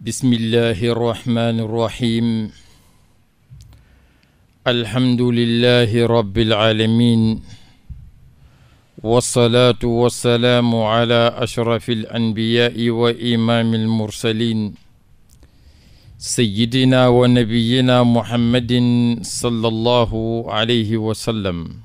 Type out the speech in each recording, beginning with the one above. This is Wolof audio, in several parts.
bismillahi irrahmani irrahim alhamdulillahi rabbil alamin wasalaatu wasalaamu ala ashrafi alanbiyaai wa imaami almursalin sayidina wa nabiyina muhammadin sallallahu alayhi wa sallam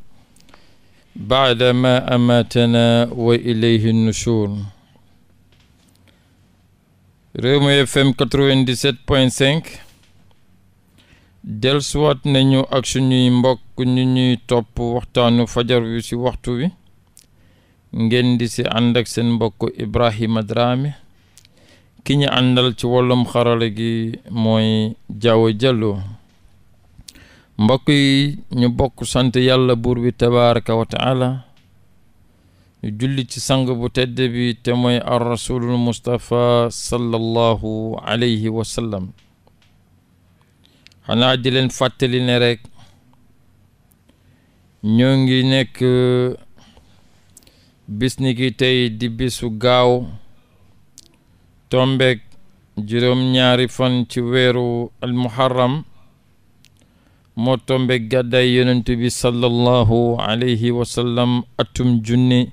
baada ma amatana wa ilayhi nushur Rewmi FM nañu ak suñuy mbokk ñu ñuy topp waxtaanu fajar wi ci waxtu wi ngeen di ci ànd seen mbokk Ibrahima Dramé ki ñu àndal ci wàllum xarala gi mooy Jaawo Jallo mbokk yi ñu bokk sant yàlla buur bi tabaraka wa taala julli ci sang bu tedd bi te mooy ar rasulul mustapha sallallahu alayhi wa sallam xanaa di leen fàttali ne rek ñoo ngi nekk bisniki ni ki tey di gaaw tombeek juróom ñaari fan ci weeru al muharram moo tombe gàddaay yonent bi sallallahu alayhi wa atum junne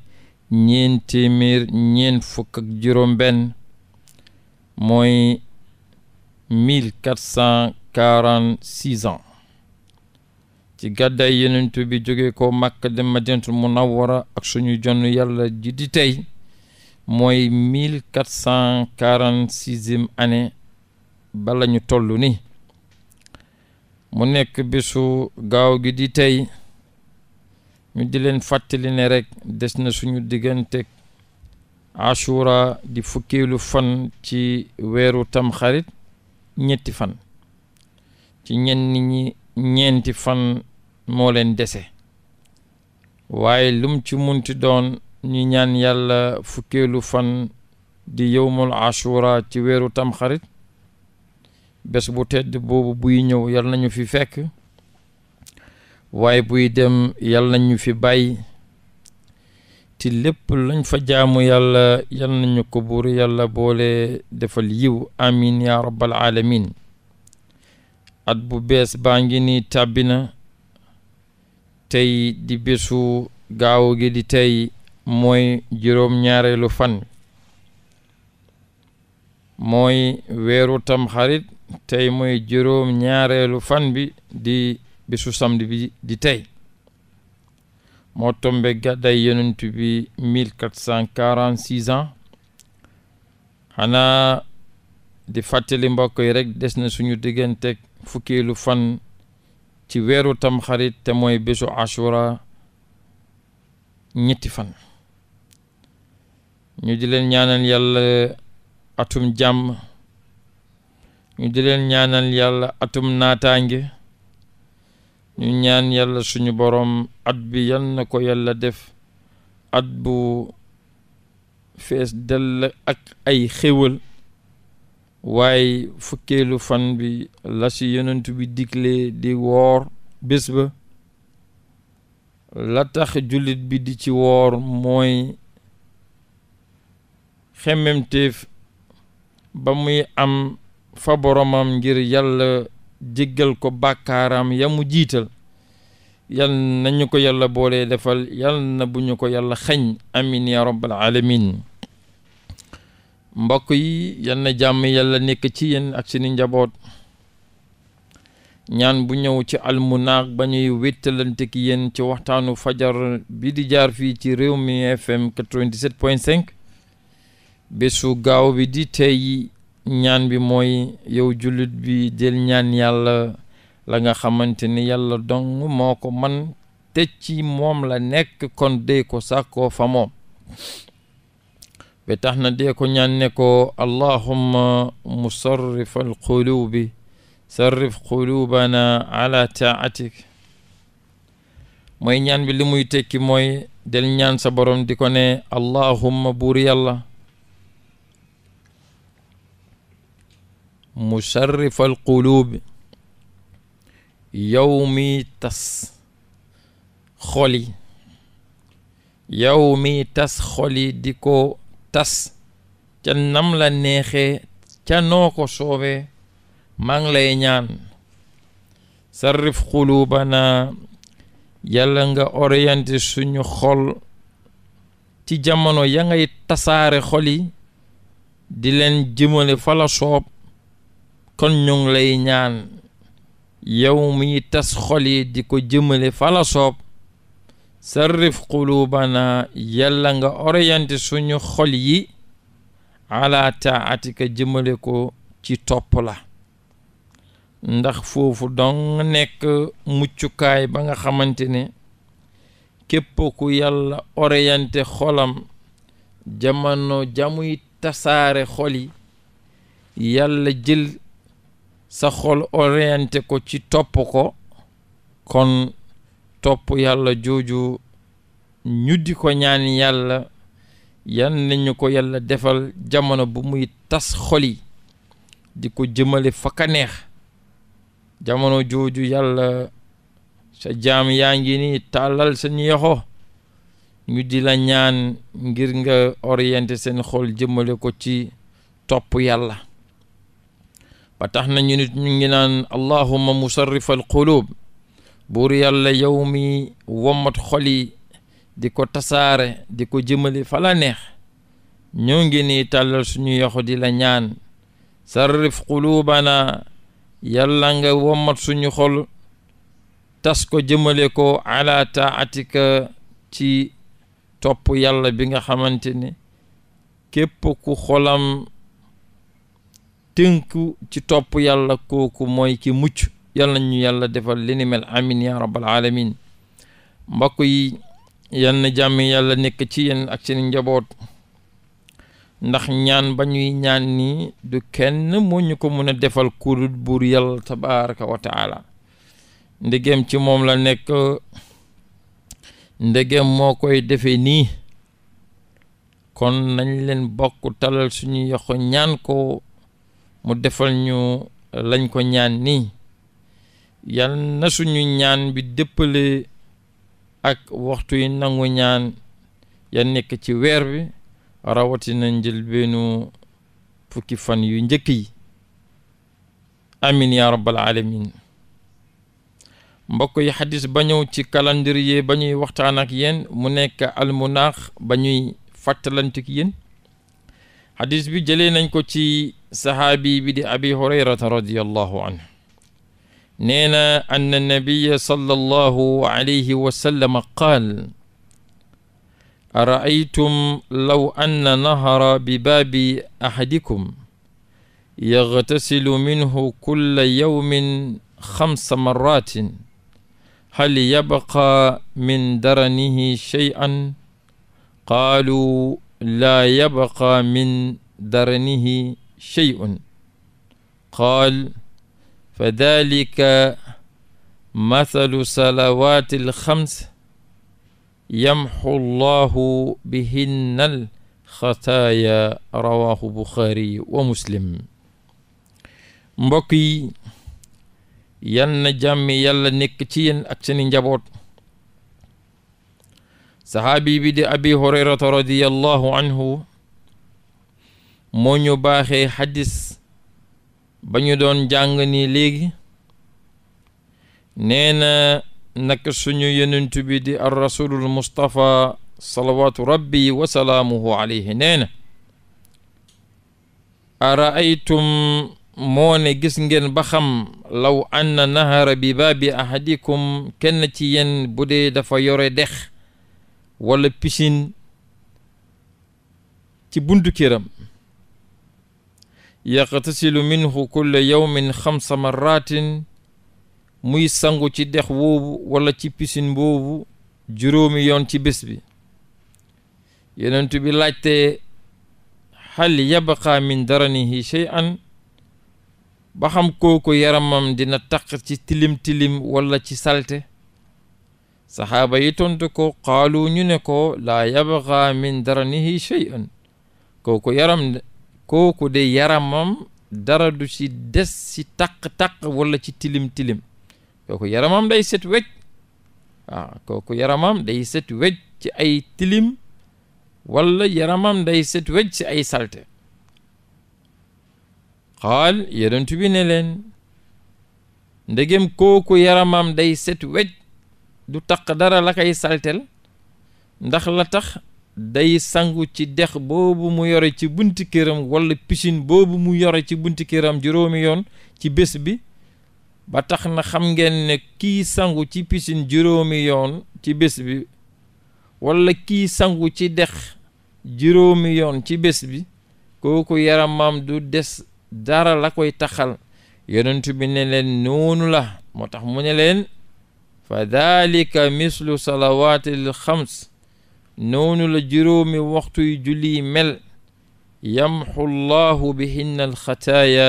ñeen téeméer ñeen fukk ak juróom benn mooy ci gàddaay yonent bi jóge ko Makka dem Madinatul Munawwara ak suñu jonn yàlla ji di tey mooy mille quatre cent quarante sixième année bala ñu toll ni mu nekk bésu gaaw gi di tey ñu di leen fàttali ne rek des na suñu diggante ashura di fukkeelu fan ci weeru tamxarit ñetti fan ci ñenn ñi ñeenti fan moo leen dese waaye lum ci munti doon ñu ñaan yàlla fukkeelu fan di yowmul ashura ci weeru tamxarit bés bu tedd boobu buy ñëw yal nañu fi fekk waaye buy dem yal nañu fi bàyyi te lépp lañ fa jaamu yàlla yal nañu ko buur yàlla boole defal yiw amin ya rabbal alamin at bu bees baa ngi ni tàbbi na tey di bésu gaaw gi di tey mooy juróom ñaareelu fan mooy weeru tam xarit tey mooy juróom ñaareelu fan bi di bésu samedi bi di tey moo tombe gàdday yonent bi mille quatre cent quarante six ans xanaa di fàttali mbokk yi rek des na suñu digganteeg fukkeelu fan ci weeru tamxarit te mooy bésu ashura ñetti fan ñu di leen ñaanal yàlla atum jàmm ñu di leen ñaanal yàlla atum naataange ñu ñaan yàlla suñu boroom at bi yal na ko yàlla def at bu fees dell ak ay xéwal waaye fukkeelu fan bi la ci yonent bi digle di woor bés ba la tax jullit bi di ci woor mooy xemmemteef ba muy am fa boromam ngir yàlla jéggal ko bàkkaaram ya mu jiital yal nañu ko yàlla boole defal yal na bu ñu ko yàlla xañ amin ya rabbal alamin mbokk yi yal na jàmm yàlla nekk ci yenn ak seeni njaboot ñaan bu ñëw ci almunaax ba ñuy wéttalante ki yéen ci waxtaanu fajar bi di jaar fii ci réew mi FM 97.5 bésu gaaw bi di tey ñaan bi mooy yow jullit bi del ñaan yàlla la nga xamante ni yàlla dong moo ko man te ci moom la nekk kon dee ko sàkkoo fa moom ba tax na dee ko ñaan ne ko allahumma musarrif al qulubi sarrif qulubana mooy ñaan bi li tekki mooy del sa borom di ko ne allahumma buur yàlla mu alquluub yow mi tas xol tas xoli di ko tas ca nam la neexee ca noo ko soobee maa ngi lay ñaan sarrif xuluubanaa yàlla nga orienté suñu xol ci jamono ya ngay tasaare xol di leen jëmale fa la soob kon ñu lay ñaan yow miy tas xol yi di ko jëmale fala soob sarrif quluubana yàlla nga orienté suñu xol yi alaata atika jëmale ko ci topp la ndax foofu dong nekk muccukaay ba nga xamante ne képp ku yàlla orienté xolam jamono jamuy tasaare xol yi yàlla jël sa xol orienté ko ci topp ko kon topp yàlla jooju ñu di ko ñaan yàlla yan nañu ko yàlla defal jamono bu muy tas xol di ko jëmale fa neex jamono jooju yàlla sa jaam yaa ngi nii tàllal seen yoxo ñu di la ñaan ngir nga orienté seen xol jëmale ko ci topp yàlla ba tax na ñu nit ñu ngi naan allahuma musarrifa al qulub buur yàlla yow mi wommat xol yi di ko tasaare di ko jëmale fala neex ñoo ngi nii tàllal suñu yoxo di la ñaan sarrif quluubana yàlla nga wommat suñu xol tas ko jëmale ko ala taatika ci topp yàlla bi nga xamante ne képp ku xolam tënku ci topp yàlla kooku mooy ki mucc yàlla ñu yàlla defal li ni mel amin ya rabbal alamin mbokk yi yenn jàmm yàlla nekk ci yenn ak seen njaboot ndax ñaan ba ñuy ñaan nii du kenn moo ñu ko mën a defal kudul buur yàlla tabaraka wa taala ndegem ci moom la nekk ndegem moo koy defee nii kon nañ leen bokk talal suñu yoxo ñaan ko mu defal ñu lañ ko ñaan ni yal nasuñu ñaan bi dëppale ak waxtu yi nangu ñaan ya nekk ci weer bi rawatina njëlbeenu fukki fan yu njëkk yi amin ya rabbal alamin mbokk yi xadis ba ñëw ci calendrier ba ñuy waxtaan ak yéen mu nekk almunaax ba ñuy fàttalantik yéen xadis bi jëlee nañ ko ci saxaabi bi di abi hurayrata radiallahu anhu nee na ann nabiya sallallahu alayhi wa sallam qaal araaytum law anna nahara bi baabi ahadikum yagtasilu minhu kulla yawmin xamsa marratin hal yabqa min daranihi shay'an qaalu laa yabqa min darnihi shey'un qaal fa dalika mathalu salawaati alxams yamxu llahu bihinna alxataaya rawahu buxaari wa muslim mbokk yi yan na jàmmi yàlla nekk ci yéen ak seeni njaboot saxaabi bi di abi hurayrata radiallahu anhu moo ñu baaxee xadis ba ñu doon jàng nii léegi nee na nag suñu yenent bi di ar rasulul rabbi wa salaamuhu alayhi nee na araaytum moo gis ngeen ba law anna nahara bi baabi ahadikum kenn ci yéen bu dee dafa yore dex wala pisin ci buntu këram yaqtasilu minhu kulla yawmin xamsa marratin muy sangu ci dex woowu walla ci pisin boobu juróomi yoon ci bés bi yonent bi laajte hal yabqa min daranihi shay'an ba xam kooku yaramam dina taq ci tilim tilim walla ci salte saxaaba yi tontu ko qaalu ñu ne ko laa yabga min daranihi shay'an kooku yaram kooku de yaramam dara du ci des ci taq-taq wala ci tilim-tilim kooku yaramam day set wecc kooku yaramam day set wecc ci ay tilim wala yaramam day set wecc ci ay salte xaal yonent bi ne leen ndegem kooku yaramam day set wecc du taq dara la koy saltel ndax la tax day sangu ci dex boobu mu yore ci bunti këram walla piscine boobu mu yore ci buntu këram juróomi yoon ci bés bi ba tax na xam ngeen ne kii sangu ci piscine juróomi ci bés bi walla kii sangu ci dex juróomi yoon ci bés bi kooku yaramam du des dara la koy taxal yonent bi ne leen noonu la moo tax mu ne leen fa dalika mislu salawaatil xams noonu la juróomi waxtuy julli mel yamxu llahu bihinna alxataaya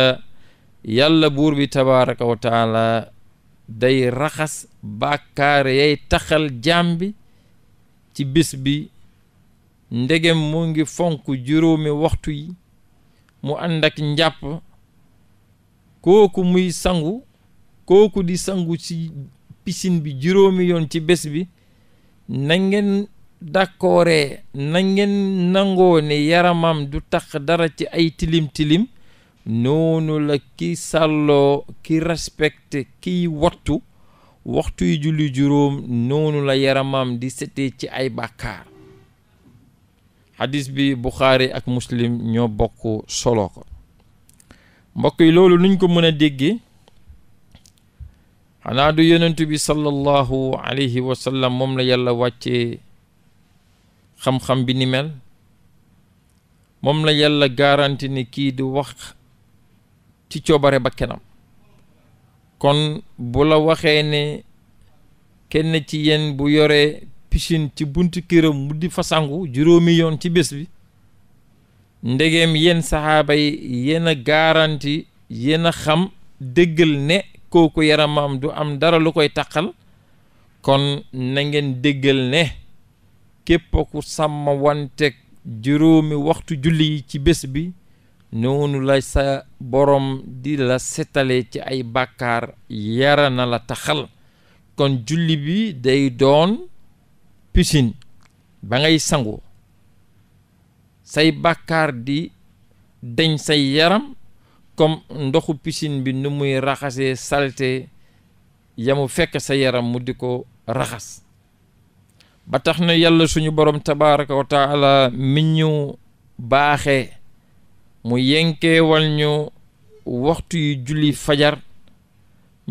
yàlla buur bi tabaraka wa taala day raxas bàkkaar yay taxal jaam bi ci bis bi ndegem mu ngi fonk juróomi waxtu yi mu ànd ak njàpp kooku muy sangu kooku di sangu ci piscine bi juróomi yoon ci bés bi na dakkooree na ngeen nangoo ne yaramam du tax dara ci ay tilim-tilim noonu la ki sàlloo ki respecté kiy wattu waxtu julli juróom noonu la yaramam di setee ci ay bàkkaar hadis bi Buxaari ak Muslim ñoo bokk solo ko mbokk loolu nuñ ko mën déggee xanaa du yonent bi sallallahu alayhi wa moom la yàlla wàccee xam-xam bi ni mel moom la yàlla garanti ni kii du wax ci coobare ba kenam kon bu la waxee ne kenn ci yéen bu yore piscine ci buntu këram mu di fasangu juróomi yoon ci bés bi ndegeem yenn saxaaba yi garanti yéen xam déggal ne kooku yaramam du am dara lu koy taqal kon na ngeen déggal ne képp ku sàmm wante juróomi waxtu julli yi ci bés bi noonu la sa borom di la setale ci ay bàkkaar yara na la taxal kon julli bi day doon pisin ba ngay sangu say bàkkaar di dañ say yaram comme ndoxu pisin bi nu muy raxasee salte yamu fekk sa yaram mu di ko raxas ba tax na yàlla suñu borom tabaraka wa mi ñu baaxee mu yenkeewal ñu waxtu yu julli fajar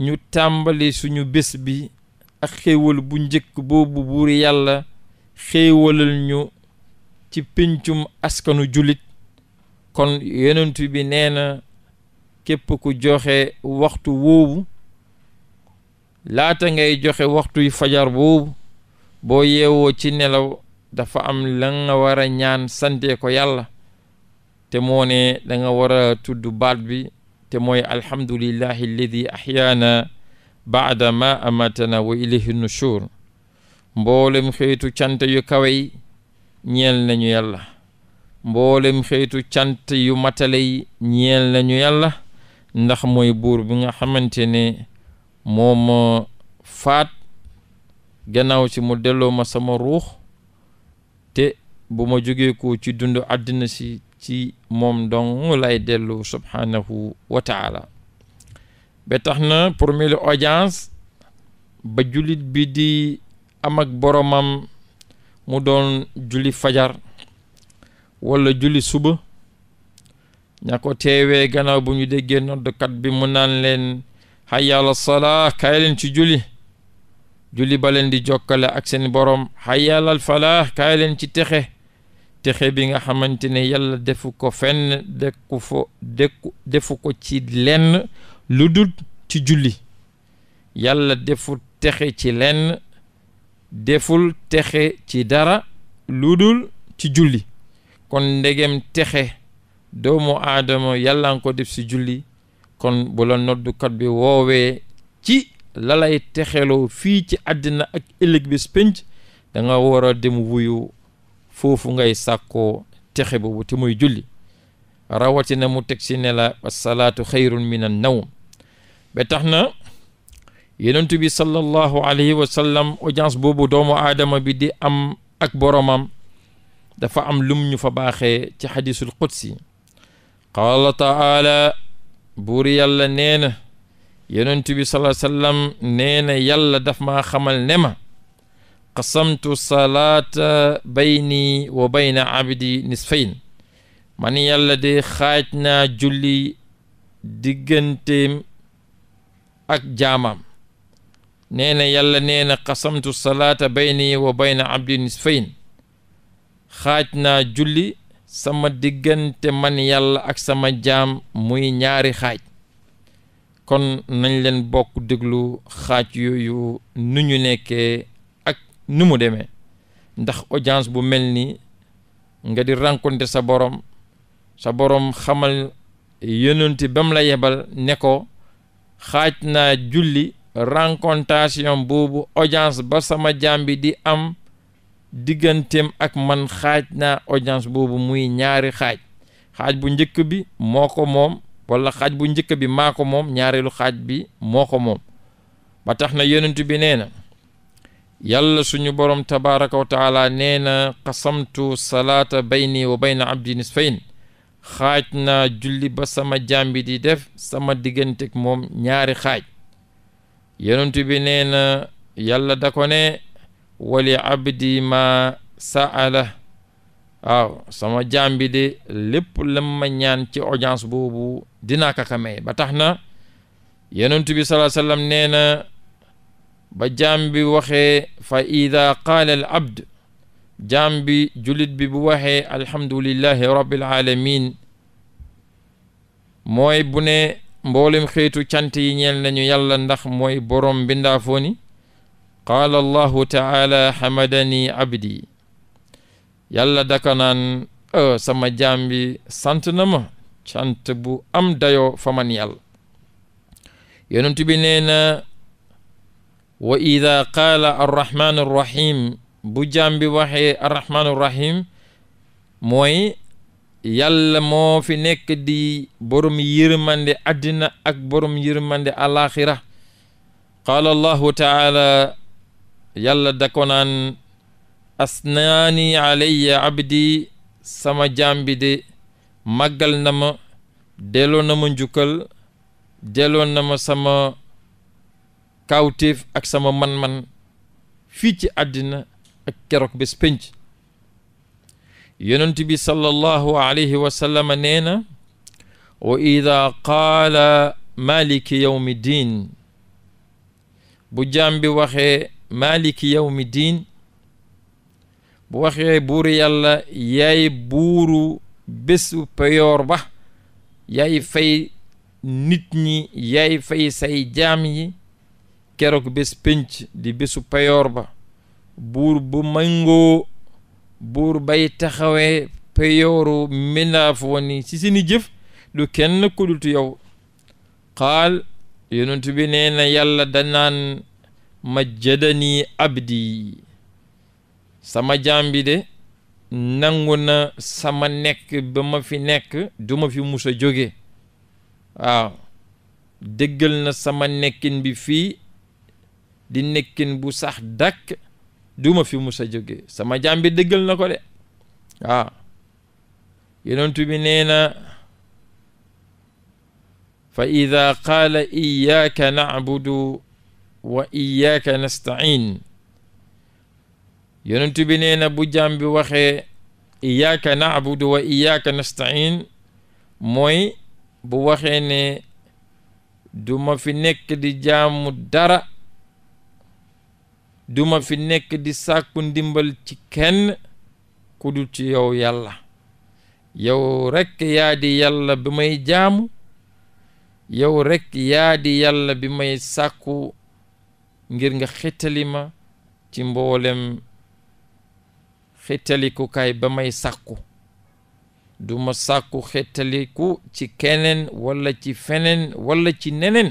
ñu tàmbali suñu bés bi ak xéewal bu njëkk boobu buur yàlla xéewalal ñu ci péncum askanu jullit kon yonent bi nee képp joxe waxtu woowu laata ngay joxe waxtuy fajar boobu boo yeewoo ci nelaw dafa am la nga war a ñaan sante ko yàlla te moo ne da war a tudd baat bi te mooy alhamdulillahi alladi ahyaana baada ma amatana wa ilayhi nushur mboolem xeetu cant yu kawe yi ñeel nañu yàlla mboolem xeetu cant yu matale yi ñeel nañu yàlla ndax mooy buur bi nga xamante ne moo ma faat gannaaw si mu delloo ma sama ruux te bu ma jógee ko ci dundu àddina si ci moom dong lay dellu subhaanahu wa taala ba tax na premier audience ba jullit bi di am ak boromam mu doon julli fajar wala julli suba ña ko teewee gannaaw bu ñu déggee noddkat bi mu naan leen hayya ala salaa kaay ci julli julli ba leen di jokkale ak seen boroom hayya ala falaa ci texe texe bi nga xamante ne yàlla defu ko fenn dekku fo dekku defu ko ci lenn lu dul ci julli yàlla deful texe ci lenn deful texe ci dara lu dul ci julli kon ndegem texe doomu aadama yàlla def si julli kon bu la noddukat bi woowee ci la lay texeloo fii ci àddina ak ëllëg bis pénc da nga war a dem wuyu foofu ngay sàkkoo texe boobu te muy julli rawatina mu teg si ne la asalaatu xayrun min a nawm ba tax na yonent bi sallallahu alayhi wa sallam audience boobu doomu aadama bi di am ak boromam dafa am lum ñu fa baaxee ci xadisul qudsi qaala taala buur yàlla nee na yonent bi salaa neena nee na yàlla daf maa xamal ne ma qasamtu salaata bayni wa bayna abdi nisfayn man yàlla de xaaj naa julli digganteem ak jaamam nee na yàlla nee na qasamtu salaata bayni wa bayna abdi nisfayn xaaj naa julli sama diggante man yàlla ak sama jaam muy ñaari xaaj kon nañ leen bokk déglu xaaj yooyu nu ñu nekkee ak nu mu demee ndax audience bu mel ni nga di rencontre sa borom sa borom xamal yonent ba mu la yebal ne ko xaaj naa julli rencontration boobu audience ba sama jaam bi di am digganteem ak man xaaj naa audience boobu muy ñaari xaaj xaaj bu njëkk bi moo ko moom wala xaaj bu njëkk bi maako moom ñaareelu xaaj bi moo ko moom ba tax na yonent bi nee na yàlla suñu borom tabaraka wa taala nee na qasamtu salaata bayni wa bayna abdi nisfayn xaaj naa julli ba sama jàmbi di def sama diggantek moom ñaari xaaj yonent bi nee na yàlla wali abdi ma saala waaw sama bi de lépp la ma ñaan ci audience boobu dina ko ko ba tax na yonent bi salaa sallam nee na ba jaam bi waxee fa ida qaala al abd jaam bi jullit bi bu waxee alhamdulillahi rabbil alamin mooy bu ne mboolem xeetu cant yi ñeel nañu yàlla ndax mooy borom mbindaafoo ni qaala allahu taala hamadani abdi yàlla daka naan sama jaam sant na ma cant bu am dayoo fa man yàlla yonent bi nee na wa ida qaala arrahmaanu bu jaam bi waxee arrahmaanu mooy yàlla moo fi nekk di borom yërmande àddina ak borom yërmande alaxira qaala allahu taala yàlla da ko naan asnaani alayya abdi sama jaam de màggal na ma delloo na ma njukkal delloo na ma sama kawtif ak sama man-man fii ci àddina ak keroog bés pénc yonent bi sallallahu alayhi wa nee na wa ida qaala maliki yawmi diin bu jaam bi waxee maliki yawmi diin bu waxee buur yàlla yaay buuru bésu peyoor ba yaay fay nit ñi yaay fay say jaam yi keroog bés pénc di bésu peyoor ba buur bu mangoo buur bay taxawee peyooru mbindaaf woni ci seeni jëf du kenn ku dut yow xaal yonent bi nee danaan ma majjadani abdi sama jaam bi de nangu na sama nekk ba ma fi nekk duma fi mus a jóge waaw dëggal na sama nekkin bi fii di nekkin bu sax dàkk du ma fi musa a sama jaam dëggal na ko de waaw yonentu bi nee na fa ida qaala iyaaka na'budu wa iyyaka nasta'in yonent bi nee na bu jaam waxee iyyaka na'budu wa iyyaka nasta'in mooy bu waxee ne du fi nekk di jaamu dara duma fi nekk di sàkku ndimbal ci kenn ku dul ci yow yàlla yow rekk yaa di yàlla bi may jaamu yow rekk yaa di bi may sàkku ngir nga xettali ma ci mboolem xettalikukaay ba may sàkku duma ma sàkku xettaliku ci keneen walla ci feneen walla ci neneen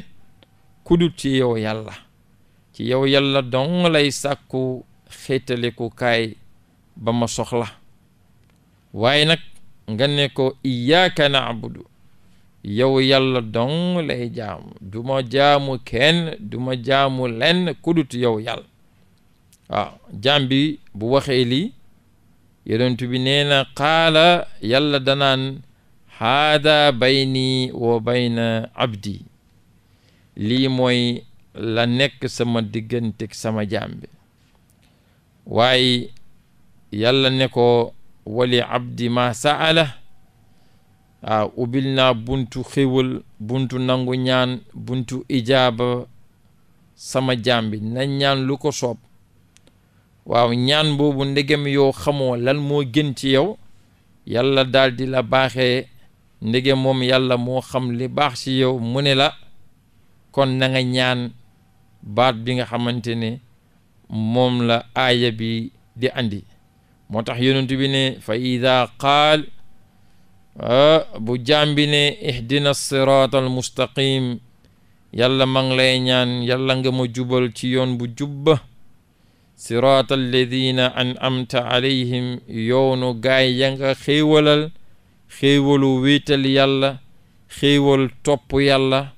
kudu ci yow yàlla ci yow yàlla dong lay sàkku xettalikukaay ba ma soxla waaye nag nga ne ko iyaaka naabudu yow yàlla dong lay jaamu du ma jaamu kenn du jaamu lenn kudut yow yàlla waaw bu waxee lii yonent bi nee na xaala yàlla danaan haada bayni wa bayna abdi lii mooy la nekk sama diggantek sama jaam bi waaye yàlla ne ko wali abdi ma saala waaw ah, ubbil naa buntu xéwal buntu nangu ñaan buntu ijaaba sama jaam bi na ñaan lu ko soob waaw ñaan boobu ndegem yow xamoo lan moo gën ci yow yàlla daldi la baaxe ndegem moom yàlla moo xam li baax ci yow mu ne la kon nanga ñaan baat bi nga xamante ne moom la aaya bi di andi moo tax yonent bi ne fa ida qaal bu jaam bi ne ihdina siraata al mustaqim yàlla ma lay ñaan yàlla nga ma jubal ci yoon bu jubba siraata alladina an amta alayhim yoonu gaay yanga nga xéewalal xéewalu wéetal yàlla xéewal topp yàlla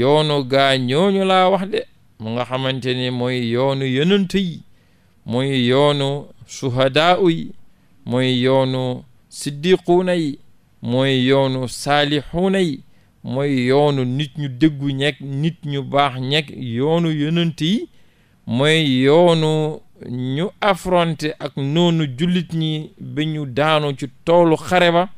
yoonu gaa ñooñu laa wax de mu nga xamante ni mooy yoonu yonent yi yoonu suhadaa yi yoonu siddiquuna mooy yoonu saalixuuna yi mooy yoonu nit ñu dëggu ñekk nit ñu baax ñekk yoonu yonent yi mooy yoonu ñu affronté ak noonu jullit ñi ba ñu daanu ci toolu xare ba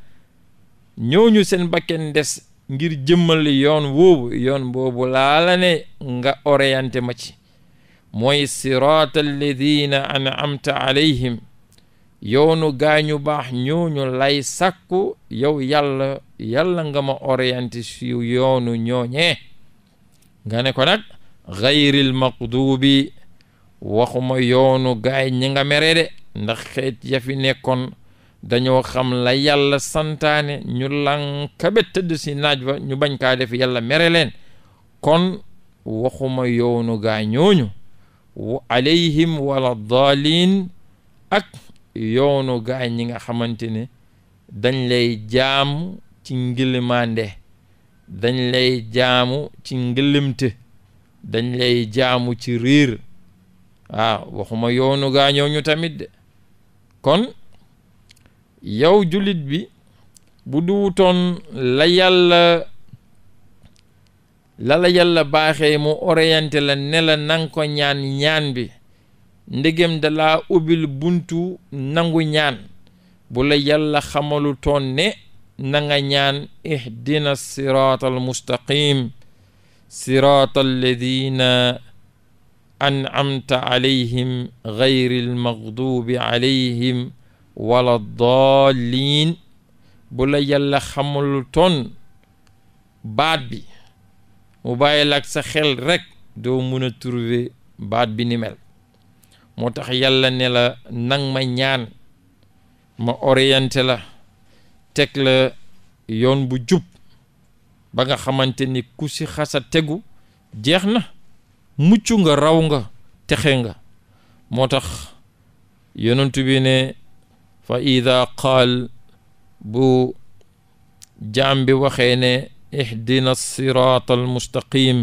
ñooñu seen bakken des ngir jëmmal yoon woobu yoon boobu laalane nga orienté ma ci mooy siraat alladina an'amta alayhim yoonu gaañu baax ñooñu lay sakku yow yàlla yàlla nga ma orienté si yoonu ñooñe nga ne ko nag xayril maqdubi waxuma yoonu gaay ñi nga mere de ndax xeet fi nekkoon dañoo xam la yàlla santaane ñu lànkabe tëdd si naaj wa ñu bañ kaa def yàlla mere kon waxuma yoonu gaa ñooñu alayhim wala daalin ak yoonu gaañ ñi nga xamante ne dañ lay jaamu ci ngilimaande dañ lay jaamu ci ngilimte dañ lay jaamu ci riir waaw waxuma yoonu gaañoo ñu tamit de kon yow jullit bi bu duwutoon la yàlla la la yàlla baaxee mu orienté la ne la ko ñaan ñaan bi ndegem dalaa ubbil buntu nangu ñaan bu la yàlla xamalu toon ne na nga ñaan ihdina siraata al mustaqim siraata alladina an'amta alayhim gayri almaghdubi alayhim wala daalliin bu la yàlla xamalu toon baat bi mu bàyyi la ak sa xel rekk doo mun a trouver baat bi ni mel moo tax yàlla ne la nang ma ñaan ma orienté la teg la yoon bu jub ba nga xamante ni ku si xasa tegu jeex na mucc nga raw nga texe nga moo tax yonent bi ne fa ida qaal bu jaam bi waxee ne ihdina siraata almustaqim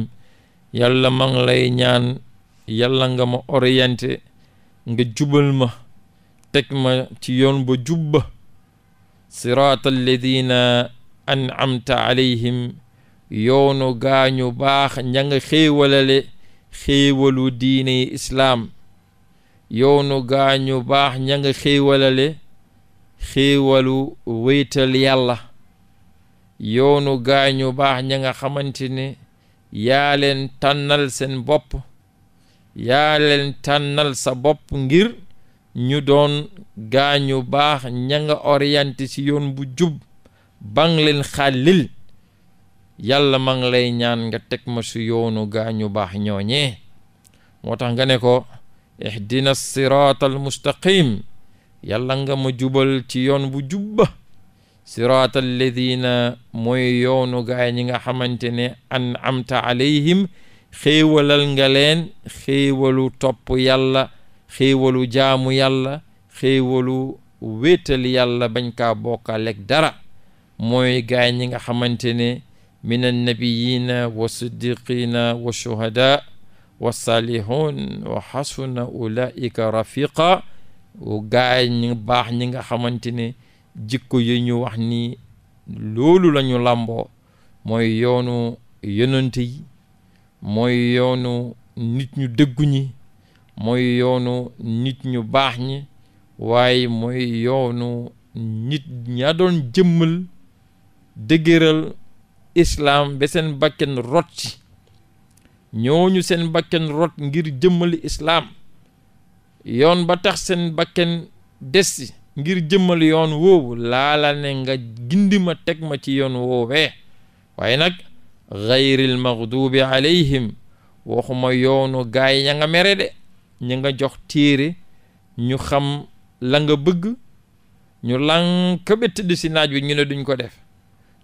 yàlla ma lay ñaan yàlla nga ma orienté nga jubal ma teg ma ci yoon ba jubba siraata alladina an'amta alayhim yoonu gaañu baax ña nga xéewalale xéewalu diine islaam yoonu gaañu baax ña nga xéewalale xéewalu wéytal yàlla yoonu gaañu baax ña nga xamante ne yaa leen tànnal seen bopp yaa leen tànnal sa bopp ngir ñu doon gaañu baax ña nga orienté ci yoon bu jub ba leen xàllil yàlla ma lay ñaan nga teg ma su yoonu gaañu baax ñooñee moo tax nga ne ko ihdina siraat al mustaqim yàlla nga ma jubal ci yoon bu jubba siraat alladina mooy yoonu gaay ñi nga xamante ne an amta alayhim xéewalal nga leen xéewalu topp yàlla xéewalu jaamu yàlla xéewalu wéetal yàlla bañ kaa bokkaaleeg dara mooy gaay ñi nga xamante ne min annabiyina wa siddiqina wa shuhada wa salihun wa xasuna ulaika rafiqa gaay ñi baax ñi nga xamante ne jikko yi ñu wax ni loolu lañu ñu làmboo mooy yoonu yonante mooy yoonu nit ñu dëggu ñi mooy yoonu nit ñu baax ñi waaye mooy yoonu nit ñaa doon jëmmal dëgëral islaam ba seen bakken rot ci ñooñu seen bakken rot ngir jëmmali islaam yoon ba tax seen bakken des si ngir jëmmal yoon woowu laala ne nga gindi ma teg ma ci yoon woowee waaye nag gayril maxduubi alayhim waxuma yoonu gaay ña nga mere de ña nga jox téere ñu xam la nga bëgg ñu lànk ba tëdd si naaj bi ñu ne duñ ko def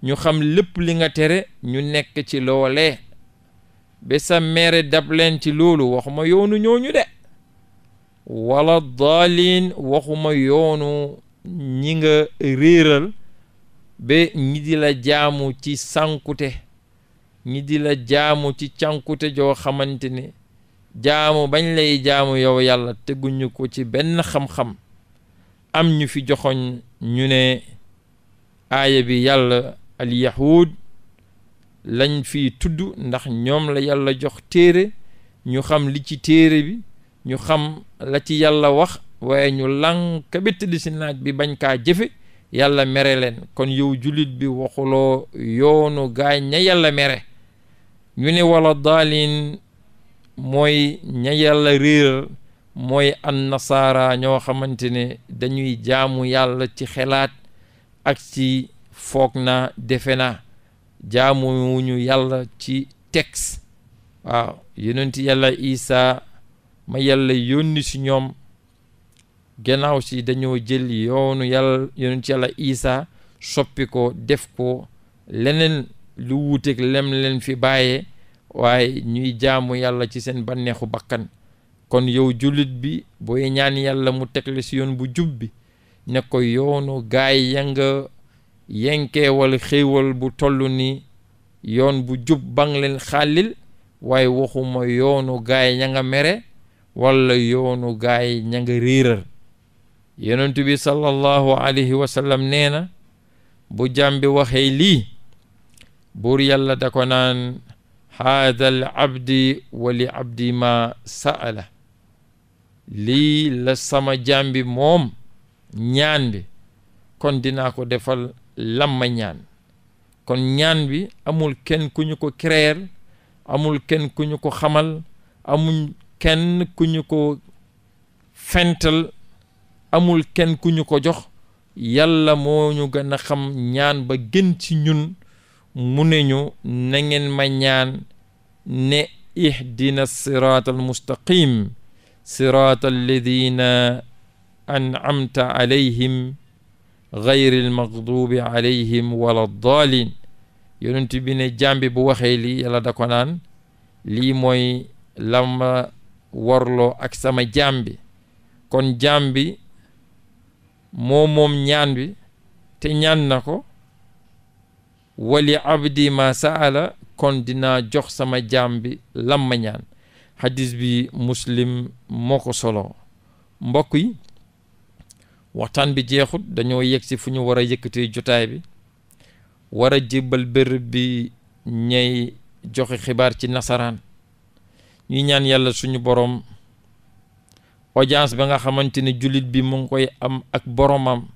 ñu xam lépp li nga tere ñu nekk ci loole ba sa mere dab leen ci loolu waxuma yoonu ñooñu de wala daalin waxuma yoonu ñi nga réeral ba ñi di la jaamu ci sànkute ñi di la jaamu ci cànkute joo xamante ne jaamu bañ lay jaamu yow yàlla teguñu ko ci benn xam-xam am ñu fi joxoñ ñu ne aaya bi yàlla al yahud lañ fi tudd ndax ñoom la yàlla jox téere ñu xam li ci téere bi ñu xam la ci yàlla wax waaye ñu lànk bi tëdd si naaj bi bañ kaa jëfe yàlla mere leen kon yow jullit bi waxuloo yoonu gaañ yàlla mere ñu ne wala daalin mooy ña yàlla réer mooy am nasaara ñoo xamante ne dañuy jaamu yàlla ci xelaat ak ci foog na defe na jaamuwuñu yàlla ci tex waaw yonenti yàlla Isaa ma yàlla yónni si ñoom gannaaw si dañoo jël yoonu yàlla yonenti yàlla Isaa soppi ko def ko leneen lu wuuteeg lem leen fi bàyyee waaye ñuy jaamu yàlla ci seen bànneexu bakkan kon yow jullit bi booy ñaan yàlla mu tegle si yoon bu jub bi ne ko yoonu gaay ya nga yenkeewal xéewal bu toll ni yoon bu jub bang leen xaalil waaye waxuma yoonu gaay ña nga mere walla yoonu gaay ña nga réeral yonent bi sallallahu alayhi wa nee na bu jàmbi waxee lii buur yàlla da ko naan haada al abdi wali abdi ma saala lii la sama jàmbi moom ñaan bi kon dinaa ko defal lamma ñaan kon ñaan bi amul kenn ku ñu ko créer amul kenn ku ñu ko xamal amul kenn ku ñu ko fental amul kenn ku ñu ko jox yàlla moo ñu gën a xam ñaan ba gën ci ñun mu ne ñu na ngeen ma ñaan ne ihdina siraat al mustaqim siraat alladina an'amta alayhim gayri almaghdubi alayhim wala daalin yonent bi ne jàmbi bu waxee lii yàlla da ko naan lii mooy lama warloo ak sama jàmbi kon jàmbi moo moom ñaan bi te ñaan na ko wali abdi ma saala kon dinaa jox sama jaam bi lamma ñaan bi muslim moo ko solo mbokk yi waxtaan bi jeexut dañoo yegg ci fu ñu war a yëkkatee jotaay bi war a jébbal bërëb bi ñay joxe xibaar ci nasaraan ñuy ñaan yàlla suñu boroom audience ba nga xamante ne jullit bi mu ngi koy am ak boromam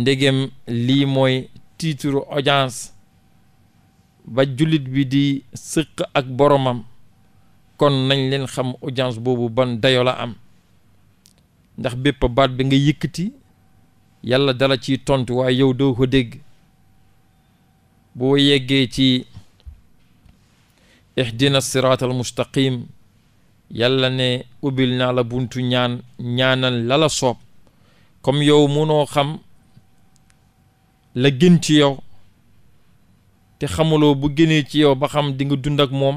ndegem lii mooy titre audience ba jullit bi di sëq ak boromam kon nañ leen xam audience boobu ban dayo la am ndax bépp baat bi nga yëkkati yàlla dala ciy tontu waaye yow doo ko dégg boo yeggee ci ihdina siraat al mustaqim yàlla ne ubbil naa la buntu ñaan ñaanal lala soob comme yow munoo xam la gën ci yow te xamuloo bu gënee ci yow ba xam dinga nga dund ak moom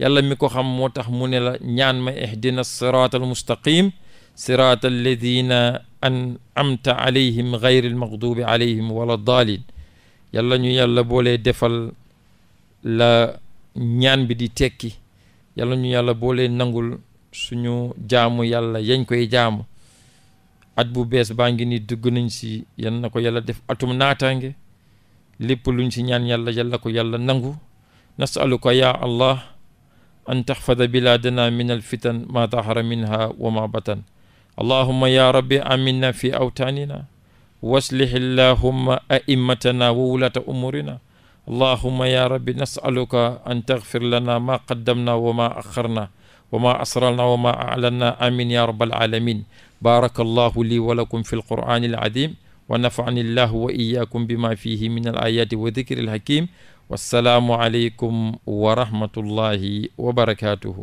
yàlla mi ko xam moo tax mu ne la ñaan ma ihdina siraat al mustaqim siraat alladina an amta alayhim gayri almaghdubi alayhim wala daalin yàlla ñu yàlla boolee defal la ñaan bi di tekki yàlla ñu yàlla boole nangul suñu jaamu yàlla yañ koy jaamu at bu bees baa ngi ni dugg nañ si yan na ko yàlla def atum naataange lépp luñ si ñaan yàlla yàlla ko yàlla nangu nasaluka ya allah an taxfada bilaadana min alfitan ma dahara minha wa ma batan allahuma ya rabbi aminna fi awtaanina wa aslih allahumma aimmatana wa wulata umurina allahuma ya rabbi nasaluka an taxfir lana ma qaddamna wa ma axarna wa ma asrarna wa ma alanna amin ya rabbal alamin baarakallahu lii wa lakum fi alqur'ani alazim wa nafani llahu wa iyaakum bima fihi min al ayati wa dikri alhakim wassalaamu aleykum wa rahmatullahi wa barakatuhu